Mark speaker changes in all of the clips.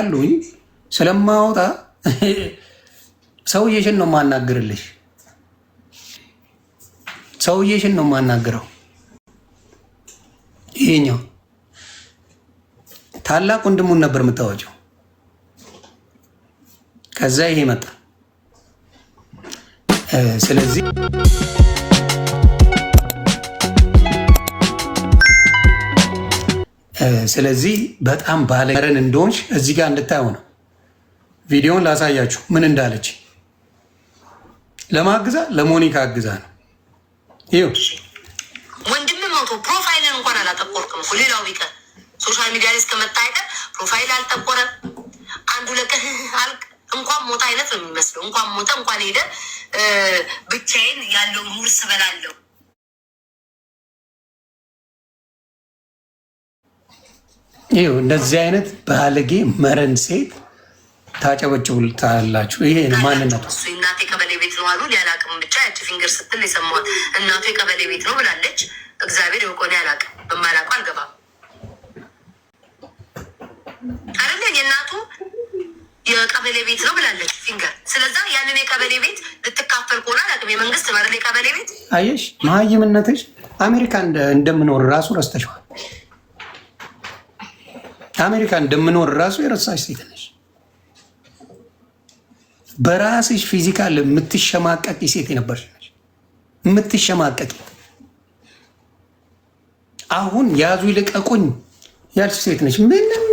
Speaker 1: ያሉኝ ስለማወጣ ሰውዬሽን ነው የማናግርልሽ። ሰውዬሽን ነው የማናግረው። ይሄኛው ታላቅ ወንድሙን ነበር የምታወጪው። ከዛ ይሄ መጣ። ስለዚህ ስለዚህ በጣም ባለመረን እንደሆንሽ እዚህ ጋር እንድታየው ነው። ቪዲዮን ላሳያችሁ ምን እንዳለች ለማግዛ ለሞኒካ አግዛ ነው። ይኸው
Speaker 2: ወንድም ሞቶ ፕሮፋይልን እንኳን አላጠቆርክም እኮ ሌላው ቢቀር ሶሻል ሚዲያ ላይ እስከመጣ አይቀር ፕሮፋይል አልጠቆረም። አንዱ ለቀህ አልቅ እንኳን ሞታ አይነት ነው የሚመስለው። እንኳን ሞተ እንኳን ሄደ ብቻዬን ያለው ሙር ስበላለሁ
Speaker 1: ይኸው እንደዚህ አይነት ባለጌ መረን ሴት ታጨበጭቡልታላችሁ። ይሄ ማንነት እሱ
Speaker 2: እናቴ ቀበሌ ቤት ነው አሉ ሊያላቅም ብቻ ያቺ ፊንገር ስትል የሰማሁት እናቱ የቀበሌ ቤት ነው ብላለች። እግዚአብሔር የቆኔ ያላቅ በማላቁ አልገባም አይደለን የእናቱ የቀበሌ ቤት ነው ብላለች ፊንገር። ስለዛ ያንን የቀበሌ ቤት ልትካፈል ከሆነ አላቅም የመንግስት መረል የቀበሌ ቤት
Speaker 1: አየሽ፣ መሀይምነትሽ አሜሪካ እንደምኖር ራሱ ረስተሸዋል። አሜሪካ እንደምኖር ራሱ የረሳሽ ሴት ነሽ። በራስሽ ፊዚካል የምትሸማቀቂ ሴት የነበርሽ ነች። የምትሸማቀቂ አሁን ያዙ ይልቀቁኝ ያልሽ ሴት ነች። ምንም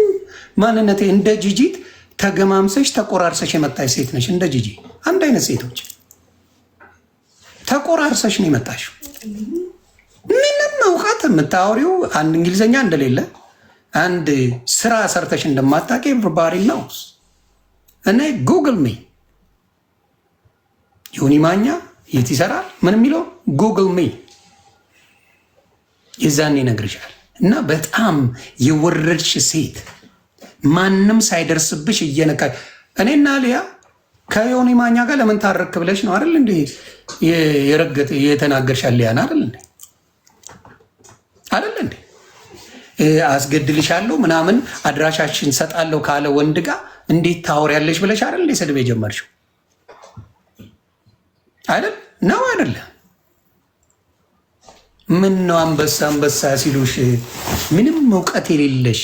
Speaker 1: ማንነት እንደ ጅጂት ተገማምሰሽ ተቆራርሰሽ የመጣሽ ሴት ነች እንደ ጂጂ አንድ አይነት ሴቶች ተቆራርሰሽ ነው የመጣሽው። ምንም እውቀት የምታወሪው አንድ እንግሊዝኛ እንደሌለ አንድ ስራ ሰርተሽ እንደማታውቂ ኤቨሪባዲ ኖውስ። እኔ ጉግል ሚ ዮኒ ማኛ የት ይሰራል ምን የሚለው ጉግል ሚ የዛኔ ይነግርሻል። እና በጣም የወረድሽ ሴት ማንም ሳይደርስብሽ እየነካ እኔና ሊያ ከዮኒ ማኛ ጋር ለምን ታረክ ብለሽ ነው አይደል እንዴ የረገጥ የተናገርሻል ሊያን አይደል እንዴ አይደል እንዴ አስገድልሻለሁ ምናምን አድራሻችን ሰጣለሁ ካለ ወንድ ጋር እንዴት ታወሪያለሽ ብለሽ አይደል እንዴ ስድብ የጀመርሽው? አይደል ነው አይደለ? ምን ነው አንበሳ አንበሳ ሲሉሽ ምንም እውቀት የሌለሽ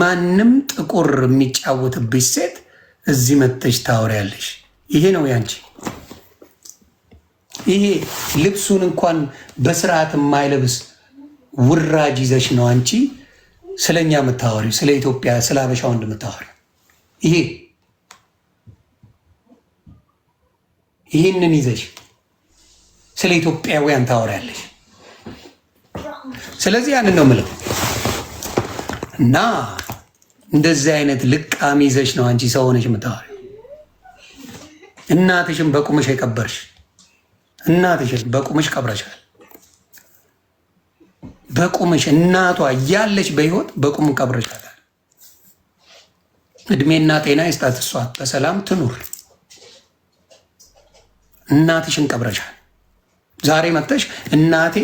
Speaker 1: ማንም ጥቁር የሚጫወትብሽ ሴት እዚህ መተሽ ታወሪያለሽ። ይሄ ነው ያንቺ። ይሄ ልብሱን እንኳን በስርዓት የማይለብስ ውራጅ ይዘሽ ነው አንቺ ስለ እኛ የምታወሪው፣ ስለ ኢትዮጵያ፣ ስለ አበሻ ወንድ የምታወሪ። ይሄ ይህንን ይዘሽ ስለ ኢትዮጵያውያን ታወሪያለሽ። ስለዚህ ያንን ነው ምለው እና እንደዚህ አይነት ልቃሚ ይዘሽ ነው አንቺ ሰው ሆነሽ የምታወሪ። እናትሽን በቁምሽ የቀበርሽ እናትሽን በቁምሽ ቀብረሻል። በቁምሽ እናቷ እያለች በይወት በቁም ቀብረሻታል። እድሜና ጤና ይስጣት፣ እሷ በሰላም ትኑር። እናትሽን ቀብረሻል። ዛሬ መጥተሽ እናቴ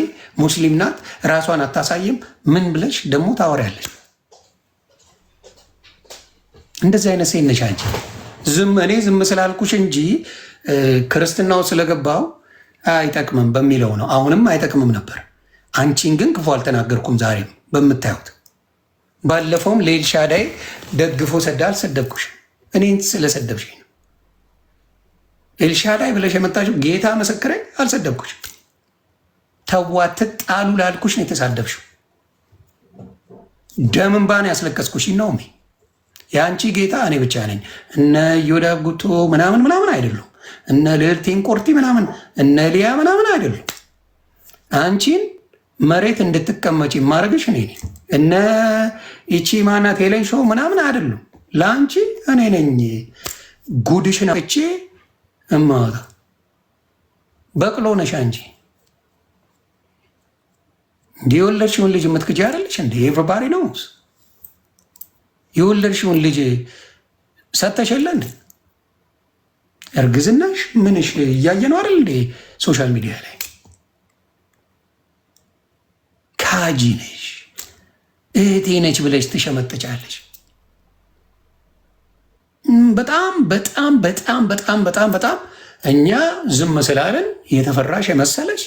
Speaker 1: ሙስሊም ናት ራሷን አታሳይም ምን ብለሽ ደግሞ ታወሪያለሽ? እንደዚህ አይነት ሴት ነሽ አንቺ። ዝም እኔ ዝም ስላልኩሽ እንጂ ክርስትናው ስለገባው አይጠቅምም በሚለው ነው። አሁንም አይጠቅምም ነበር። አንቺን ግን ክፉ አልተናገርኩም። ዛሬ በምታዩት ባለፈውም ሌል ሻዳይ ደግፎ ሰዳ አልሰደብኩሽ፣ እኔን ስለሰደብሽ ነው። ኤልሻዳይ ብለሽ የመጣሽው ጌታ መሰክረኝ፣ አልሰደብኩሽ። ተዋት ጣሉ ላልኩሽ ነው የተሳደብሽው። ደምን ባን ያስለቀስኩሽ ነው ሜ የአንቺ ጌታ እኔ ብቻ ነኝ። እነ ዮዳ ጉቶ ምናምን ምናምን አይደሉም። እነ ልዕልቴን ቆርቲ ምናምን እነ ሊያ ምናምን አይደሉም። አንቺን መሬት እንድትቀመጪ ማድረግሽ እኔ ነኝ። እነ ይቺ ማናት ሄለን ሾው ምናምን አይደሉም። ለአንቺ እኔ ነኝ ጉድሽን አውጥቼ እማወጣ በቅሎ ነሽ አንቺ። እንዲህ የወለድሽውን ልጅ የምትክጅ አይደለሽ እንደ ኤቨሪባዲ ነው። የወለድሽውን ልጅ ሰተሸለን እርግዝናሽ ምንሽ እያየ ነው አይደል እንዴ ሶሻል ሚዲያ ላይ ወዳጅ ነሽ፣ እህቴ ነች ብለሽ ትሸመጥጫለሽ። በጣም በጣም በጣም በጣም በጣም በጣም እኛ ዝም ስላለን የተፈራሽ የመሰለሽ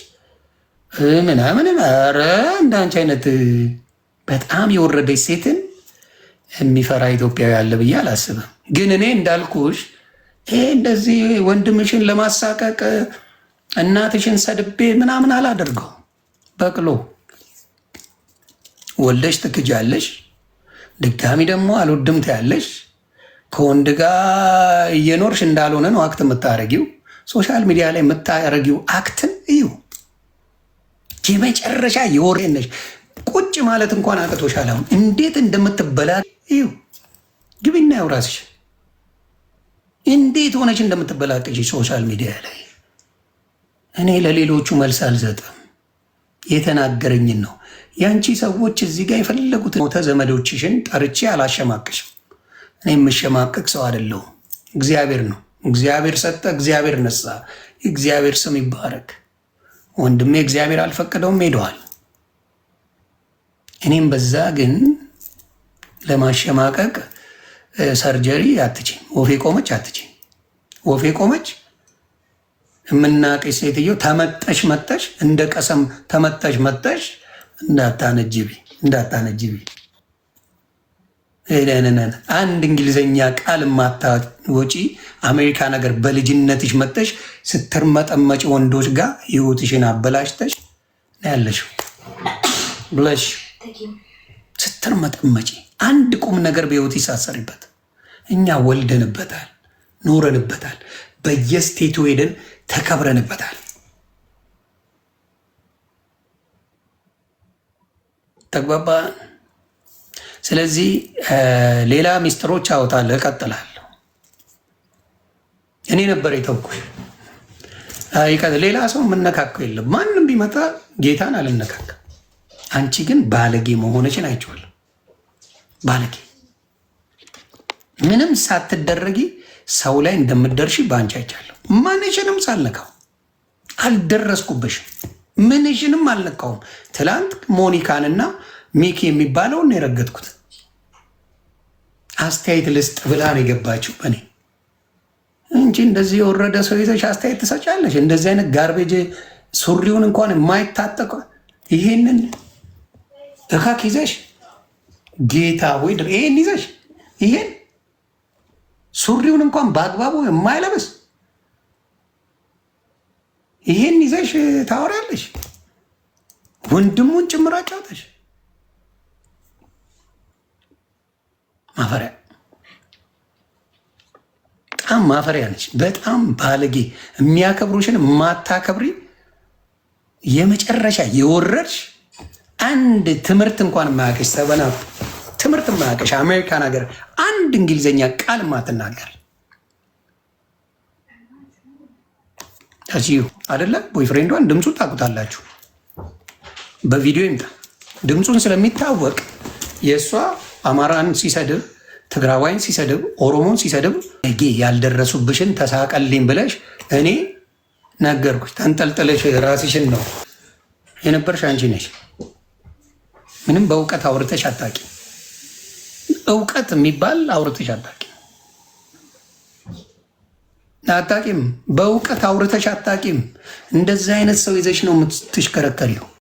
Speaker 1: ምናምን። ኧረ እንዳንቺ አይነት በጣም የወረደች ሴትን የሚፈራ ኢትዮጵያዊ አለ ብዬ አላስብም። ግን እኔ እንዳልኩሽ ይሄ እንደዚህ ወንድምሽን ለማሳቀቅ እናትሽን ሰድቤ ምናምን አላደርገው በቅሎ ወልደሽ ትክጃለሽ። ድጋሚ ደግሞ አልወድም ትያለሽ። ከወንድ ጋር እየኖርሽ እንዳልሆነ ነው አክት የምታረጊው። ሶሻል ሚዲያ ላይ የምታረጊው አክትን እዩ። የመጨረሻ የወሬ ነሽ። ቁጭ ማለት እንኳን አቅቶሻል። አሁን እንዴት እንደምትበላ እዩ። ግቢና ያው ራስሽ እንዴት ሆነች እንደምትበላቀች ሶሻል ሚዲያ ላይ። እኔ ለሌሎቹ መልስ አልሰጥም። የተናገረኝን ነው። ያንቺ ሰዎች እዚህ ጋር የፈለጉት ሞተ ዘመዶችሽን ጠርቼ አላሸማቅሽም። እኔ የምሸማቀቅ ሰው አይደለሁም። እግዚአብሔር ነው። እግዚአብሔር ሰጠ፣ እግዚአብሔር ነሳ። እግዚአብሔር ስም ይባረክ። ወንድሜ እግዚአብሔር አልፈቀደውም ሄደዋል። እኔም በዛ ግን ለማሸማቀቅ ሰርጀሪ አትችም። ወፌ ቆመች አትችም። ወፌ ቆመች የምናቅሽ ሴትዮ ተመጠሽ መጠሽ እንደ ቀሰም ተመጠሽ መጠሽ እንዳታነጅቢ እንዳታነጅቢ። አንድ እንግሊዝኛ ቃል ማታወጪ አሜሪካ ነገር በልጅነትሽ መጠሽ ስትርመጠመጭ ወንዶች ጋር ህይወትሽን አበላሽተሽ ያለሽው ብለሽ ስትርመጠመጪ አንድ ቁም ነገር በህይወት ሳትሰሪበት እኛ ወልደንበታል ኖረንበታል። በየስቴቱ ሄደን ተከብረንበታል። ተግባባ። ስለዚህ ሌላ ሚስጥሮች አወጣለሁ፣ እቀጥላለሁ። እኔ ነበር የተውኩሽ። ሌላ ሰው የምነካከው የለም። ማንም ቢመጣ ጌታን አልነካከም። አንቺ ግን ባለጌ መሆነችን አይቼዋለሁ። ባለጌ ምንም ሳትደረጊ ሰው ላይ እንደምደርሽ በአንቺ አይቻለሁ። ማንሽንም ሳልነካው አልደረስኩበሽም። ምንሽንም አልነካውም። ትላንት ሞኒካንና ሚኪ የሚባለውን የረገጥኩት አስተያየት ልስጥ ብላ ነው የገባችው በእኔ እንጂ እንደዚህ የወረደ ሰው ይዘሽ አስተያየት ትሰጫለሽ? እንደዚህ አይነት ጋርቤጅ ሱሪውን እንኳን የማይታጠቀ ይሄንን እካክ ይዘሽ ጌታ ወይ ይሄን ይዘሽ ይሄን ሱሪውን እንኳን በአግባቡ የማይለብስ ይሄን ይዘሽ ታወሪያለሽ። ወንድሙን ጭምራ አጫውተሽ ማፈሪያ፣ በጣም ማፈሪያ ነች። በጣም ባለጌ፣ የሚያከብሩሽን ማታከብሪ፣ የመጨረሻ የወረድሽ አንድ ትምህርት እንኳን ማያቀሽ ሰበና ትምህርት ማያቀሽ አሜሪካን ሀገር አንድ እንግሊዝኛ ቃል ማትናገር አይደለም ቦይፍሬንዷን ድምፁን ታውቁታላችሁ። በቪዲዮ ይምጣ። ድምፁን ስለሚታወቅ የእሷ አማራን ሲሰድብ፣ ትግራዋይን ሲሰድብ፣ ኦሮሞን ሲሰድብ ጌ ያልደረሱብሽን ተሳቀልኝ ብለሽ እኔ ነገርኩሽ። ተንጠልጥለሽ ራስሽን ነው የነበርሽ አንቺ ነሽ። ምንም በእውቀት አውርተሽ አታውቂ። እውቀት የሚባል አውርተሽ አታውቂ። አታቂም፣ በእውቀት አውርተሽ አታቂም። እንደዚህ አይነት ሰው ይዘሽ ነው የምትሽከረከሪው።